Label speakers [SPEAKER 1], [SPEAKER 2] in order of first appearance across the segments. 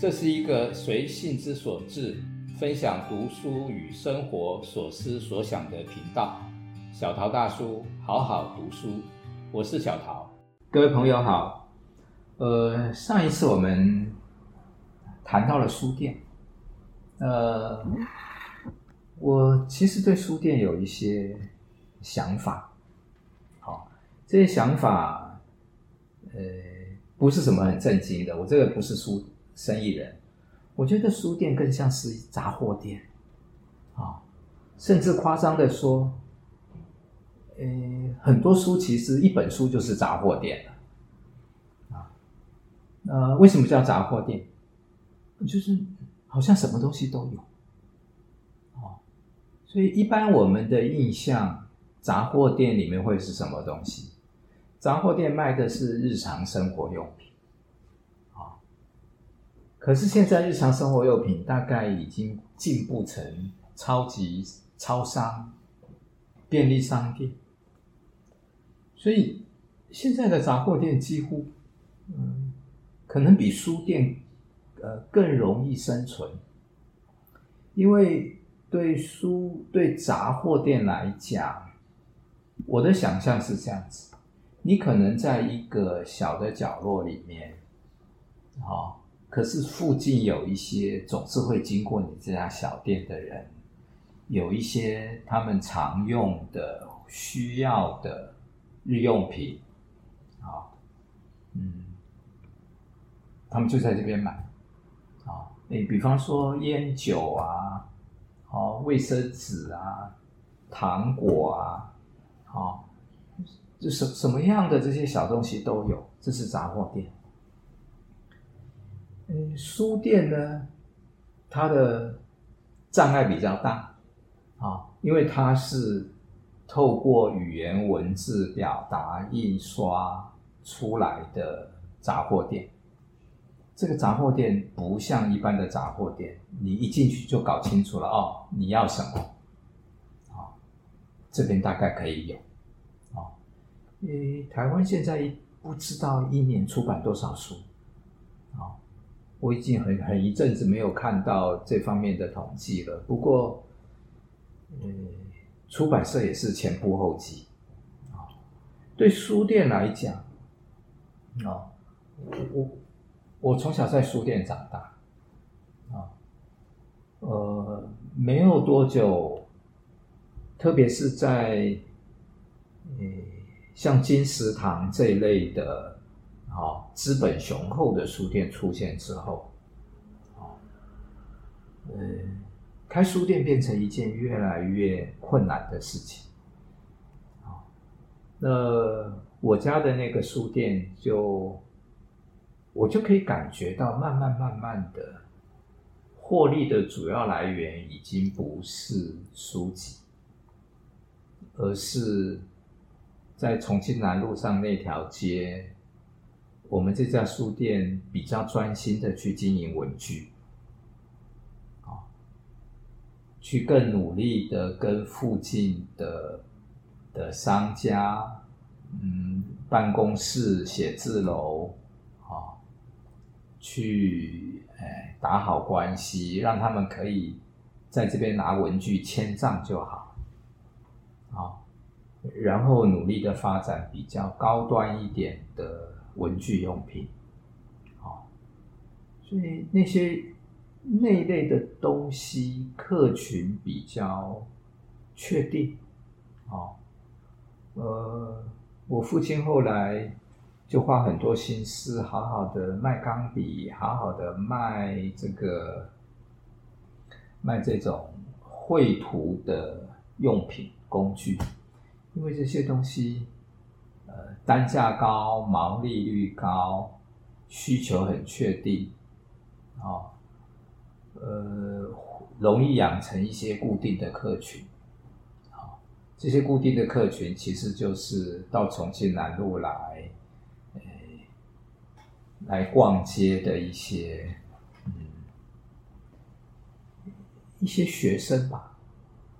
[SPEAKER 1] 這是一個隨性之所至，分享讀書與生活所思所想的頻道。小陶大叔，好好讀書，我是小陶。各位朋友好，呃，上一次我們談到了書店，呃，我其實對書店有一些想法。好、哦，這些想法，呃，不是什麼很正經的，我這個不是書，生意人，我覺得書店更像是雜貨店，啊、哦，甚至誇張的說，呃，很多書其實一本書就是雜貨店了，啊，那、呃、為什麼叫雜貨店？就是好像什麼東西都有，哦，所以一般我們的印象，雜貨店裡面會是什麼東西？雜貨店賣的是日常生活用品。可是現在日常生活用品大概已經進步成超級超商、便利商店，所以現在的雜貨店幾乎，嗯，可能比書店呃更容易生存，因為對書對雜貨店來講，我的想象是這樣子：你可能在一個小的角落裡面，啊、哦。可是附近有一些總是會經過你這家小店的人，有一些他們常用的、需要的日用品，好、哦，嗯，他們就在這邊買，啊、哦，你比方說菸酒啊，哦，衛生紙啊，糖果啊，好、哦，就什什麼樣的這些小東西都有，這是雜貨店。嗯，書店呢，它的障礙比較大啊、哦，因為它是透過語言文字表達印刷出來的雜貨店。這個雜貨店不像一般的雜貨店，你一進去就搞清楚了哦，你要什麼？哦，這邊大概可以有啊。嗯，哦，因為台灣現在不知道一年出版多少書。我已經很很一陣子沒有看到這方面的統計了。不過，嗯，出版社也是前仆後繼啊、哦。對書店來講，啊、哦，我我，我從小在書店長大啊、哦，呃，沒有多久，特別是在，嗯、像金石堂這一類的。好，資本雄厚的書店出現之後，哦，嗯，開書店變成一件越來越困難的事情。啊，那我家的那個書店就，就我就可以感覺到，慢慢慢慢的，獲利的主要來源已經不是書籍，而是在重慶南路上那條街。我們這家書店比較專心的去經營文具，哦、去更努力的跟附近的的商家，嗯，辦公室寫字樓，啊、哦，去哎打好關係，讓他們可以在這邊拿文具簽賬就好，好、哦，然後努力的發展比較高端一點的。文具用品，哦，所以那些那一類的東西，客群比較確定，哦。呃，我父親後來就花很多心思，好好的賣鋼筆，好好的賣這個，賣這種繪圖的用品工具，因為這些東西。呃，單價高，毛利率高，需求很確定，啊，哦，呃，容易養成一些固定的客群，哦，這些固定的客群其實就是到重慶南路來，哎，來逛街的一些，嗯，一些學生吧，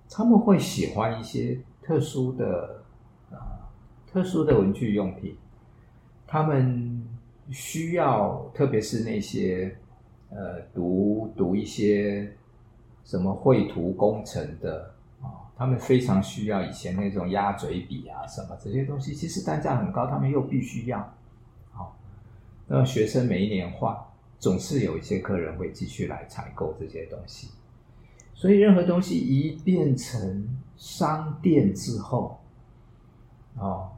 [SPEAKER 1] 他們會喜歡一些特殊的。特殊的文具用品，他們需要，特別是那些呃讀讀一些什麼繪圖工程的啊、哦，他們非常需要以前那種鴨嘴筆啊什麼這些東西，其實單價很高，他們又必須要好、哦。那學生每一年換，總是有一些客人會繼續來採購這些東西，所以任何東西一變成商店之後，哦。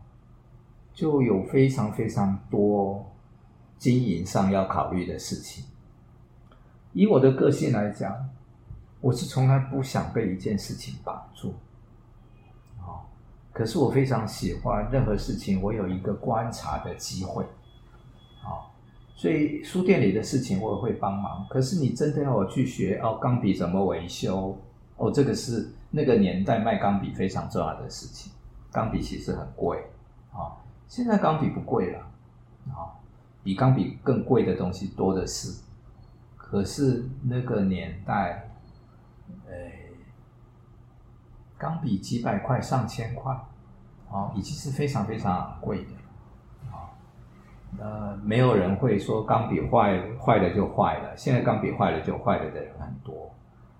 [SPEAKER 1] 就有非常非常多經營上要考慮的事情。以我的個性來講，我是從來不想被一件事情綁住，哦，可是我非常喜歡任何事情，我有一個觀察的機會，哦，所以書店裡的事情我也會幫忙。可是你真的要我去學哦，鋼筆怎麼維修？哦，這個是那個年代賣鋼筆非常重要的事情。鋼筆其實很貴，哦現在鋼筆不貴了，啊、哦，比鋼筆更貴的東西多的是。可是那個年代，呃，鋼筆幾百塊、上千塊，啊、哦，已經是非常非常昂貴的，啊、哦，呃，沒有人會說鋼筆壞壞了就壞了。現在鋼筆壞了就壞了的人很多，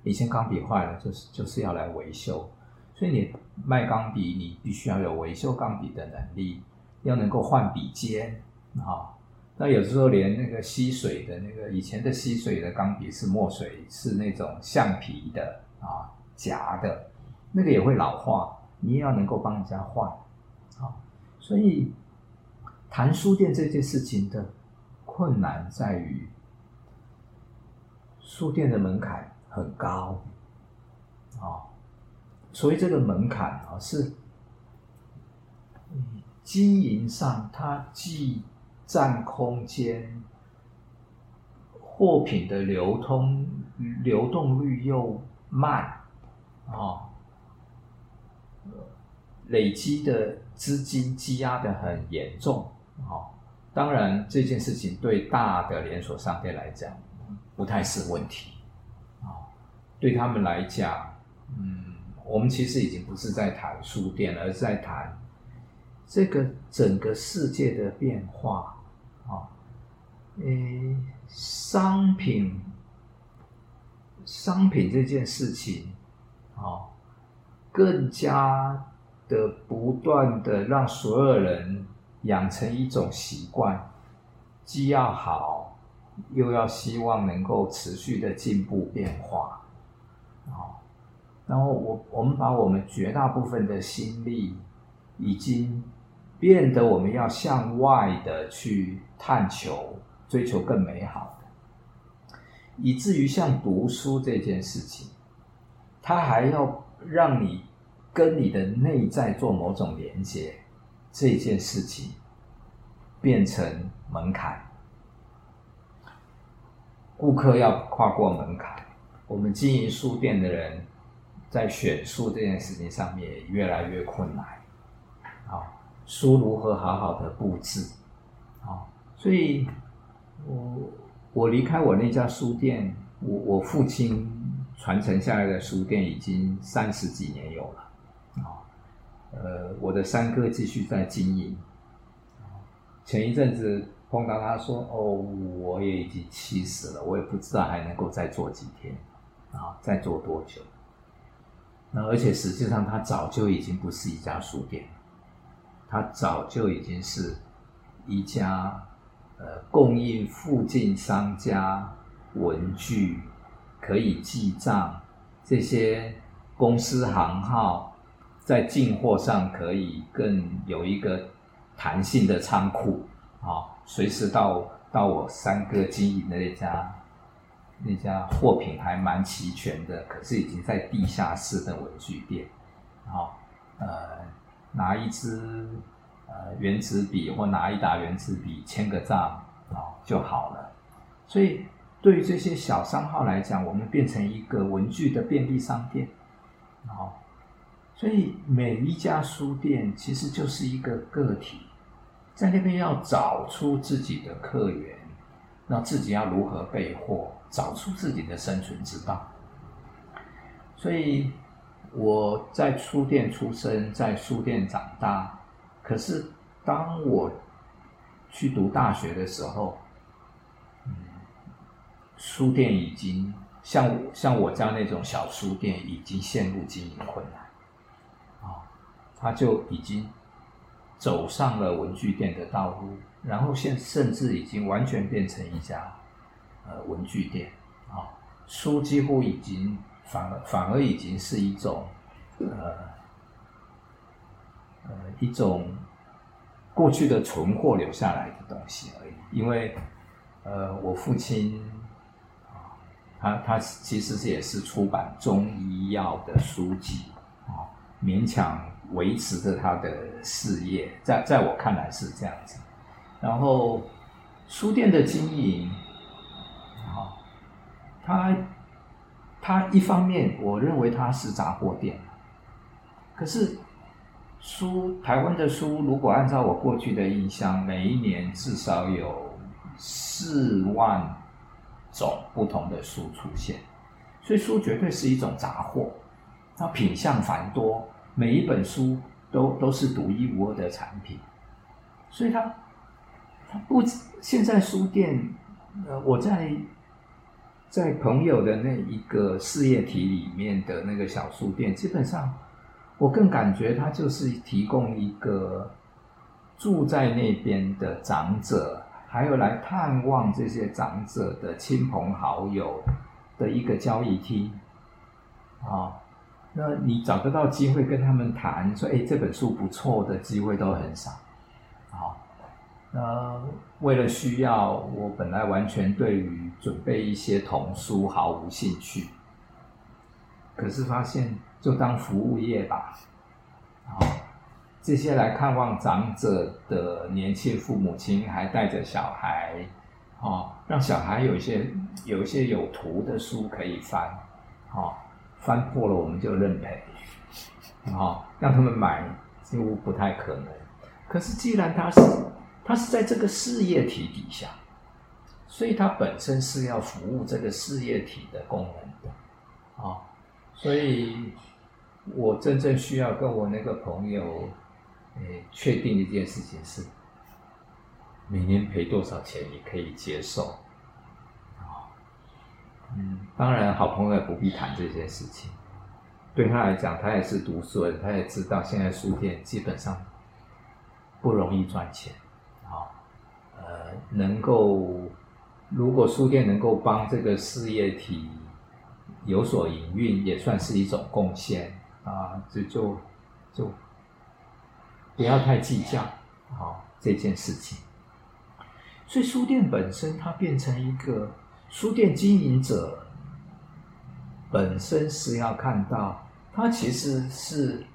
[SPEAKER 1] 以前鋼筆壞了就是就是要來維修，所以你賣鋼筆，你必須要有維修鋼筆的能力。要能夠換筆尖啊，那有時候連那個吸水的那個，以前的吸水的鋼筆是墨水，是那種橡皮的啊夾的，那個也會老化，你也要能夠幫人家換啊。所以談書店這件事情的困難在於，書店的門檻很高啊，所以這個門檻啊是。經營上，它既占空間，貨品的流通流動率又慢，哦，累積的資金積壓得很嚴重，哦，當然這件事情對大的連鎖商店來講不太是問題，啊、哦，對他們來講，嗯，我們其實已經不是在談書店，而是在談。這個整個世界的變化，啊、哦，呃，商品，商品這件事情，啊、哦，更加的不斷的讓所有人養成一種習慣，既要好，又要希望能夠持續的進步變化，啊、哦，然後我我們把我們絕大部分的心力已經。變得我們要向外的去探求，追求更美好的，以至於像讀書這件事情，它還要讓你跟你的內在做某種連接，這件事情變成門檻。顧客要跨過門檻，我們經營書店的人在選書這件事情上面也越來越困難。書如何好好的布置？啊、哦，所以我我離開我那家書店，我我父親傳承下來的書店已經三十幾年有了，啊、哦，呃，我的三哥繼續在經營。前一陣子碰到他說：“哦，我也已經七十了，我也不知道還能夠再做幾天，啊、哦，再做多久。”那而且實際上他早就已經不是一家書店了。它早就已經是一家呃，供應附近商家文具，可以記賬，這些公司行號在進貨上可以更有一個彈性的倉庫啊、哦，隨時到到我三哥經營的那家那家貨品還蠻齊全的，可是已經在地下室的文具店，好、哦，呃。拿一支呃原子筆，或拿一打原子筆簽個賬啊就好了。所以對於這些小商號來講，我們變成一個文具的便利商店哦。所以每一家書店其實就是一個個體，在那邊要找出自己的客源，那自己要如何備貨，找出自己的生存之道。所以。我在書店出生，在書店長大，可是當我去讀大學的時候，嗯，書店已經像像我家那種小書店已經陷入經營困難，啊、哦，他就已經走上了文具店的道路，然後現在甚至已經完全變成一家呃文具店啊、哦，書幾乎已經。反而反而已經是一種，呃，呃，一種過去的存貨留下來的東西而已。因為，呃，我父親，哦，他他其實這也是出版中醫藥的書籍，哦，勉強維持着他的事業。在在我看來是這樣子。然後書店的經營，啊，哦，他。它一方面，我認為它是雜貨店。可是書，台灣的書，如果按照我過去的印象，每一年至少有四萬種不同的書出現，所以書絕對是一種雜貨。它品項繁多，每一本書都都是獨一無二的產品，所以它它不現在書店，呃，我在。在朋友的那一個事業體裡面的那個小書店，基本上，我更感覺它就是提供一個住在那邊的長者，還有來探望這些長者的親朋好友的一個交誼廳啊。那你找得到機會跟他們談說，哎，這本書不錯的機會都很少啊。呃，為了需要，我本來完全對於準備一些童書毫無興趣。可是發現，就當服務業吧。哦，這些來看望長者的年輕父母親還帶着小孩，哦，讓小孩有一些有一些有圖的書可以翻，哦，翻破了我們就認賠。哦，讓他們買，幾乎不太可能。可是既然他是。他是在這個事業體底下，所以他本身是要服務這個事業體的功能的，啊、哦，所以我真正需要跟我那個朋友，誒，確定一件事情是，每年賠多少錢你可以接受，啊、哦，嗯，當然好朋友也不必談這件事情，對他來講，他也是讀書人，他也知道現在書店基本上不容易賺錢。呃，能夠如果書店能夠幫這個事業體有所營運，也算是一種貢獻啊。就就就不要太計較啊，哦，這件事情。所以書店本身，它變成一個書店經營者本身是要看到，它其實是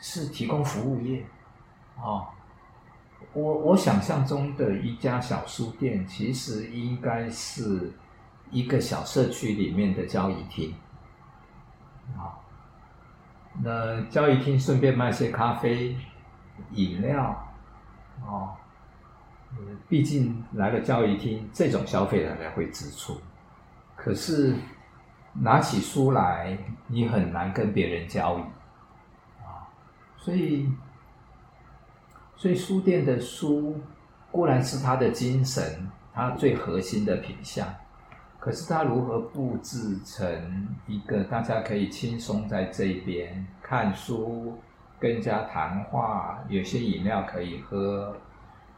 [SPEAKER 1] 是提供服務業哦。我我想象中的一家小書店，其實應該是一個小社區裡面的交誼廳，啊，那交誼廳順便賣些咖啡、飲料，哦，畢竟來了交誼廳，這種消費的人會支出，可是拿起書來，你很難跟別人交誼，啊，哦，所以。所以書店的書固然是它的精神，它最核心的品相，可是它如何布置成一個大家可以輕鬆在這邊看書、跟人家談話，有些飲料可以喝，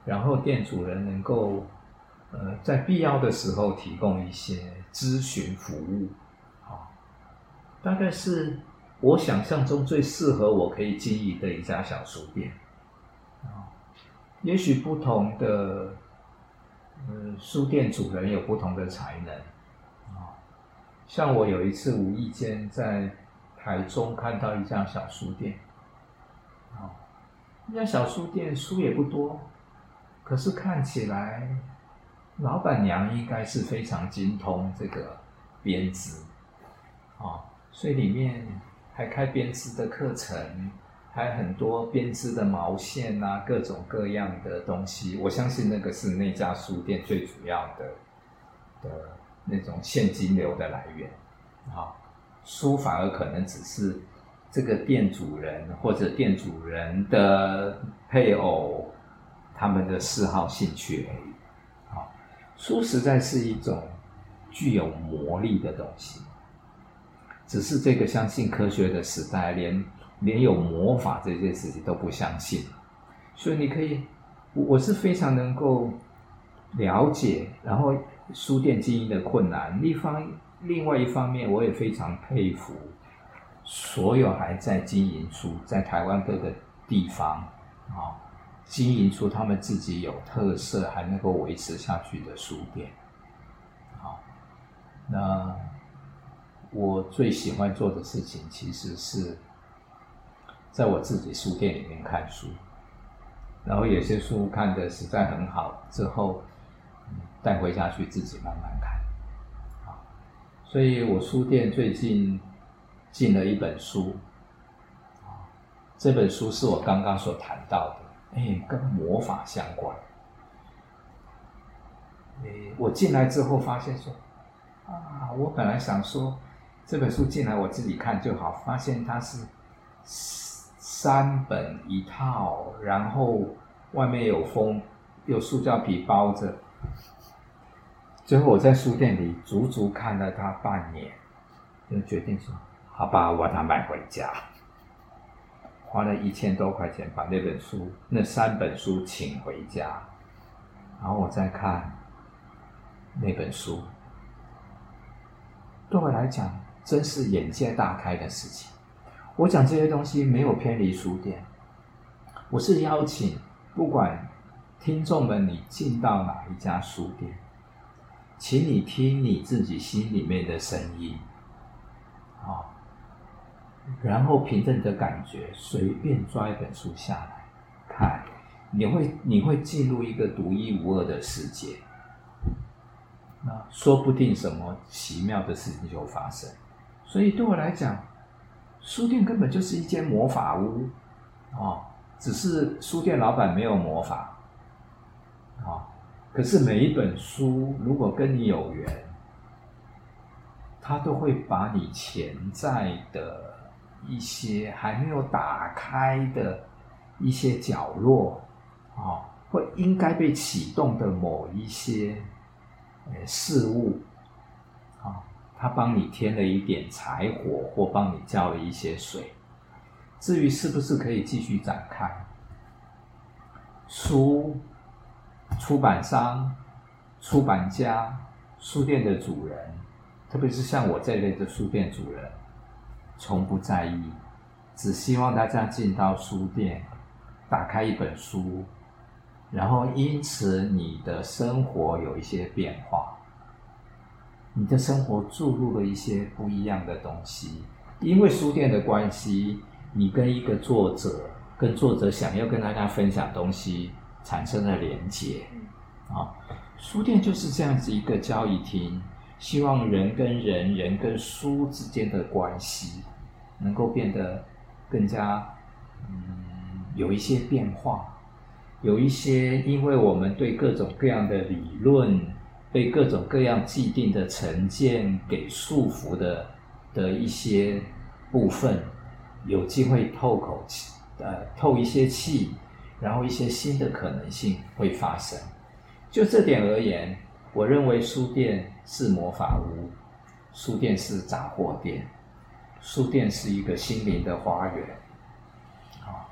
[SPEAKER 1] 然後店主人能夠呃在必要的時候提供一些諮詢服務，好，大概是我想象中最適合我可以經營的一家小書店。也許不同的，呃，書店主人有不同的才能，啊、哦，像我有一次無意間在台中看到一家小書店，啊、哦，那家小書店書也不多，可是看起來老闆娘應該是非常精通這個編織，啊、哦，所以裡面還開編織的課程。還有很多編織的毛線啊，各種各樣的東西。我相信那個是那家書店最主要的的那種現金流的來源。好、哦，書反而可能只是這個店主人或者店主人的配偶他們的嗜好興趣而已。好、哦，書實在是一種具有魔力的東西。只是這個相信科學的時代連。連有魔法這件事情都不相信，所以你可以，我是非常能夠了解，然後書店經營的困難，一方另外一方面，我也非常佩服所有還在經營出，在台灣各個地方啊，經營出他們自己有特色還能夠維持下去的書店。那我最喜歡做的事情其實是。在我自己書店裡面看書，然後有些書看的實在很好，之後帶回家去自己慢慢看。啊，所以我書店最近進了一本書，啊，這本書是我剛剛所談到的，誒，跟魔法相關。誒，我進來之後發現說，啊，我本來想說這本書進來我自己看就好，發現它是。三本一套，然後外面有封，有塑膠皮包着。最後我在書店裡足足看了它半年，就決定說：“好吧，我把它買回家。”花了一千多塊錢把那本書、那三本書請回家，然後我再看那本書。對我來講，真是眼界大開的事情。我講這些東西沒有偏離書店，我是邀請不管聽眾們，你進到哪一家書店，請你聽你自己心裡面的聲音，啊、哦，然後憑着你的感覺，隨便抓一本書下來看，你會你會進入一個獨一無二的世界，那說不定什麼奇妙的事情就發生，所以對我來講。書店根本就是一間魔法屋，哦，只是書店老板沒有魔法，哦，可是每一本書如果跟你有緣，他都會把你潛在的一些還沒有打開的一些角落，啊，或應該被啟動的某一些，事物。他幫你添了一點柴火，或幫你澆了一些水。至於是不是可以繼續展開，書、出版商、出版家、書店的主人，特別是像我這類的書店主人，從不在意，只希望大家進到書店，打開一本書，然後因此你的生活有一些變化。你的生活注入了一些不一樣的東西，因為書店的關係，你跟一個作者，跟作者想要跟大家分享東西，產生了連接。啊，書店就是這樣子一個交易廳，希望人跟人、人跟書之間的關係能夠變得更加嗯，有一些變化，有一些因為我們對各種各樣的理論。被各種各樣既定的成見給束縛的的一些部分，有機會透口氣，呃，透一些氣，然後一些新的可能性會發生。就這點而言，我認為書店是魔法屋，書店是雜貨店，書店是一個心靈的花園。哦、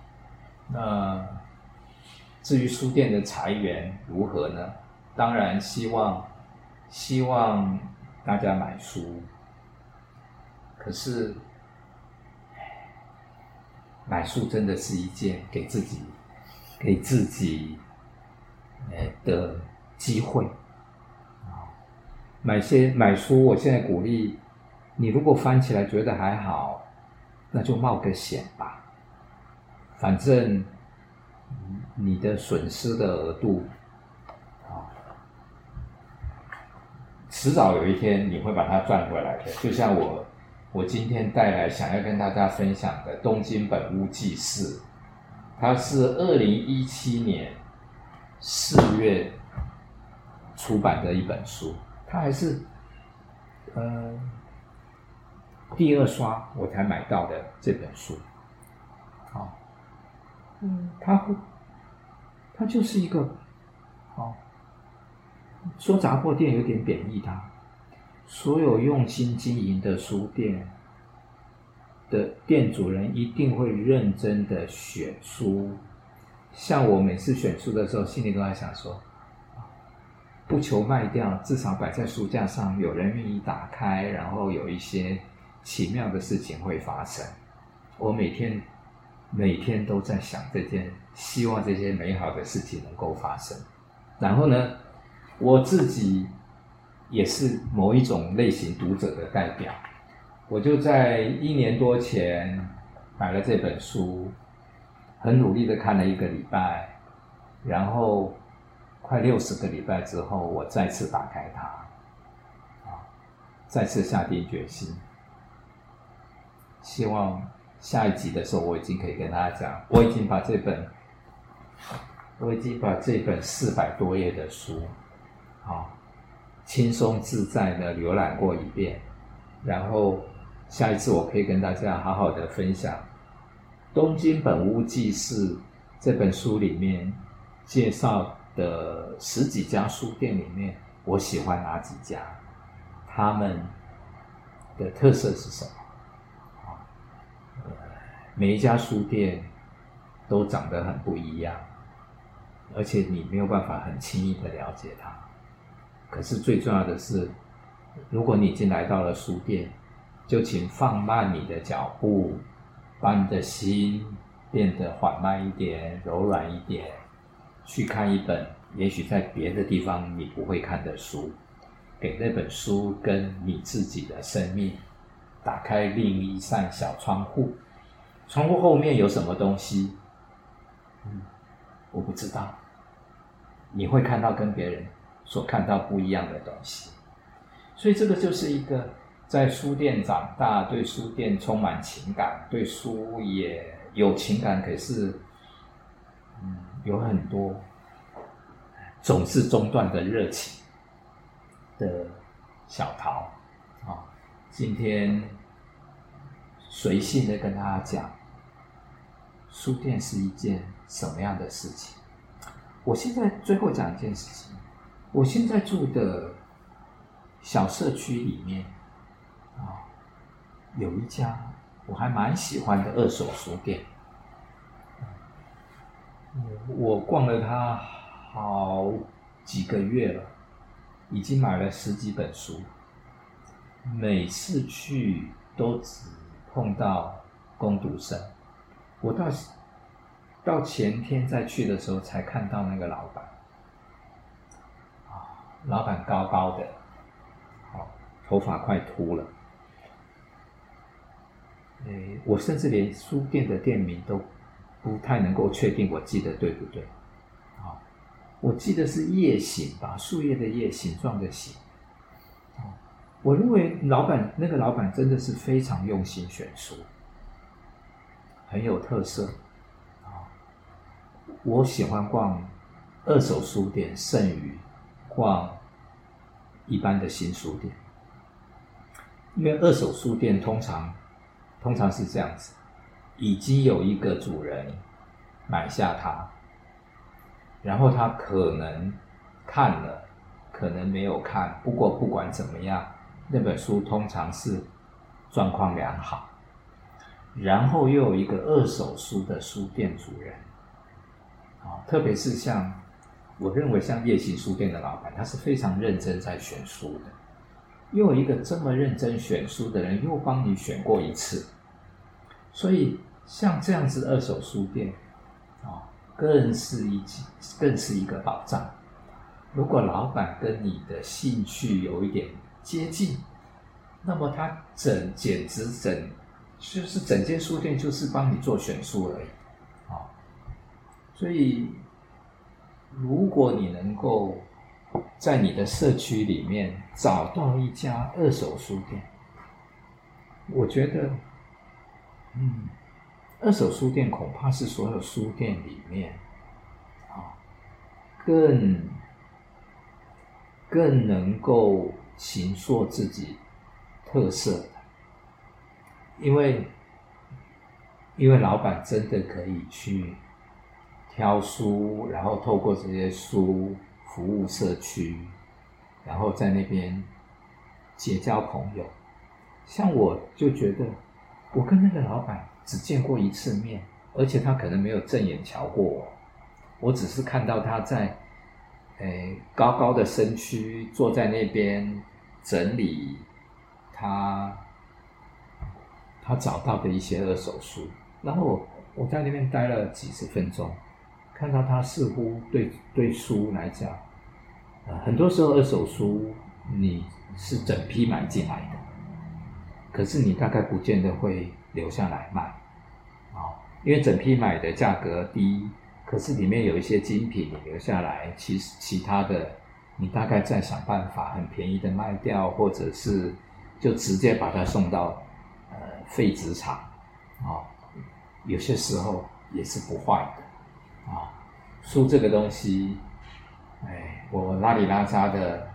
[SPEAKER 1] 那至於書店的財源如何呢？當然希望。希望大家買書，可是買書真的是一件給自己、給自己呃的機會。買些買書，我現在鼓勵你，如果翻起來覺得還好，那就冒個險吧，反正你的損失的額度。遲早有一天你會把它賺回來的。就像我，我今天帶來想要跟大家分享的《東京本屋紀事》，它是二零一七年四月出版的一本書，它還是嗯、呃、第二刷我才買到的這本書。好，嗯，它會它就是一個好。說雜貨店有點貶義的，它所有用心經營的書店的店主人一定會認真的選書。像我每次選書的時候，心裡都在想說：不求賣掉，至少擺在書架上，有人願意打開，然後有一些奇妙的事情會發生。我每天每天都在想這件，希望這些美好的事情能夠發生。然後呢，我自己也是某一種類型讀者的代表，我就在一年多前買了這本書，很努力的看了一個禮拜，然後快六十個禮拜之後，我再次打開它，啊，再次下定決心，希望下一集的時候，我已經可以跟大家講，我已經把這本，我已經把這本四百多頁的書。啊，輕鬆自在的瀏覽過一遍，然後下一次我可以跟大家好好的分享《東京本屋紀事》這本書裡面介紹的十幾家書店裡面，我喜歡哪幾家？他們的特色是什麼？啊，每一家書店都長得很不一樣，而且你沒有辦法很輕易的了解它。可是最重要的是，如果你已經來到了書店，就請放慢你的腳步，把你的心變得緩慢一點、柔軟一點，去看一本也許在別的地方你不會看的書，給那本書跟你自己的生命打開另一扇小窗戶。窗戶後面有什麼東西？嗯，我不知道。你會看到跟別人。所看到不一樣的東西，所以這個就是一個在書店長大，對書店充滿情感，對書也有情感，可是，嗯，有很多總是中斷的熱情的小陶啊、哦，今天隨性的跟大家講，書店是一件什麼樣的事情？我現在最後講一件事情。我現在住的小社區裡面，啊，有一家我還蠻喜歡的二手書店，嗯，我逛了它好幾個月了，已經買了十幾本書，每次去都只碰到工讀生，我到到前天再去的時候才看到那個老闆。老闆高高的，好、哦，頭髮快禿了。誒，我甚至連書店的店名都不太能夠確定，我記得對不對？啊、哦，我記得是葉形，把樹葉的葉形狀的形。我認為老闆那個老闆真的是非常用心選書，很有特色。啊、哦，我喜歡逛二手書店，剩餘。逛一般的，新書店，因為二手書店通常通常是這樣子，已經有一個主人買下它，然後他可能看了，可能沒有看，不過不管怎麼樣，那本書通常是狀況良好，然後又有一個二手書的書店主人，啊，特別是像。我認為，像夜行書店的老闆，他是非常認真在選書的。又有一個這麼認真選書的人，又幫你選過一次，所以像這樣子二手書店，啊，更是一級，更是一個保障。如果老闆跟你的興趣有一點接近，那麼他整簡直整，就是整間書店就是幫你做選書而已，啊，所以。如果你能夠在你的社區裡面找到一家二手書店，我覺得，嗯，二手書店恐怕是所有書店裡面，啊，更更能夠形塑自己特色的，因為因為老板真的可以去。挑書，然後透過這些書服務社區，然後在那邊結交朋友。像我就覺得，我跟那個老闆只見過一次面，而且他可能沒有正眼瞧過我。我只是看到他在，誒、哎，高高的身軀坐在那邊整理他他找到的一些二手書，然後我我在那邊待了幾十分鐘。看到他似乎對對書來講，呃，很多時候二手書你是整批買進來的，可是你大概不見得會留下來賣，啊、哦，因為整批買的價格低，可是裡面有一些精品你留下來，其其他的你大概再想辦法很便宜的賣掉，或者是就直接把它送到呃廢紙廠，啊、哦，有些時候也是不壞的。啊，書這個東西，哎，我邋裡邋遢的，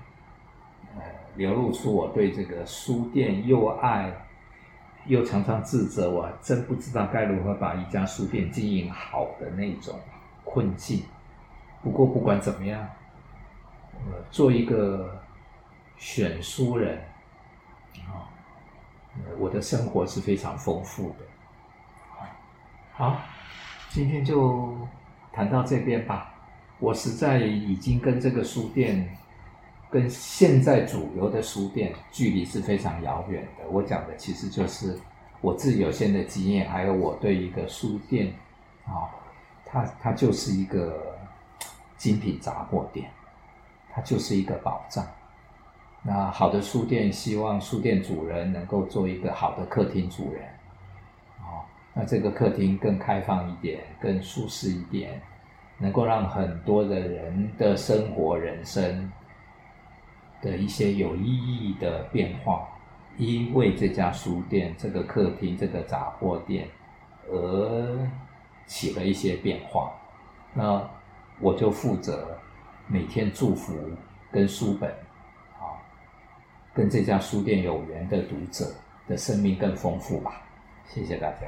[SPEAKER 1] 呃，流露出我對這個書店又愛，又常常自責，我還真不知道該如何把一家書店經營好的那種困境。不過不管怎麼樣，我、呃、做一個選書人，啊、呃，我的生活是非常豐富的。好，今天就。談到這邊吧，我實在已經跟這個書店，跟現在主流的書店距離是非常遙遠的。我講的其實就是我自己有限的經驗，還有我對一個書店，啊、哦，它、它就是一個精品雜貨店，它就是一個寶藏，那好的書店，希望書店主人能夠做一個好的客廳主人。那這個客廳更開放一點，更舒適一點，能夠讓很多的人的生活、人生的一些有意義的變化，因為這家書店、這個客廳、這個雜貨店而起了一些變化。那我就負責每天祝福跟書本，啊，跟這家書店有緣的讀者的生命更豐富吧。謝謝大家。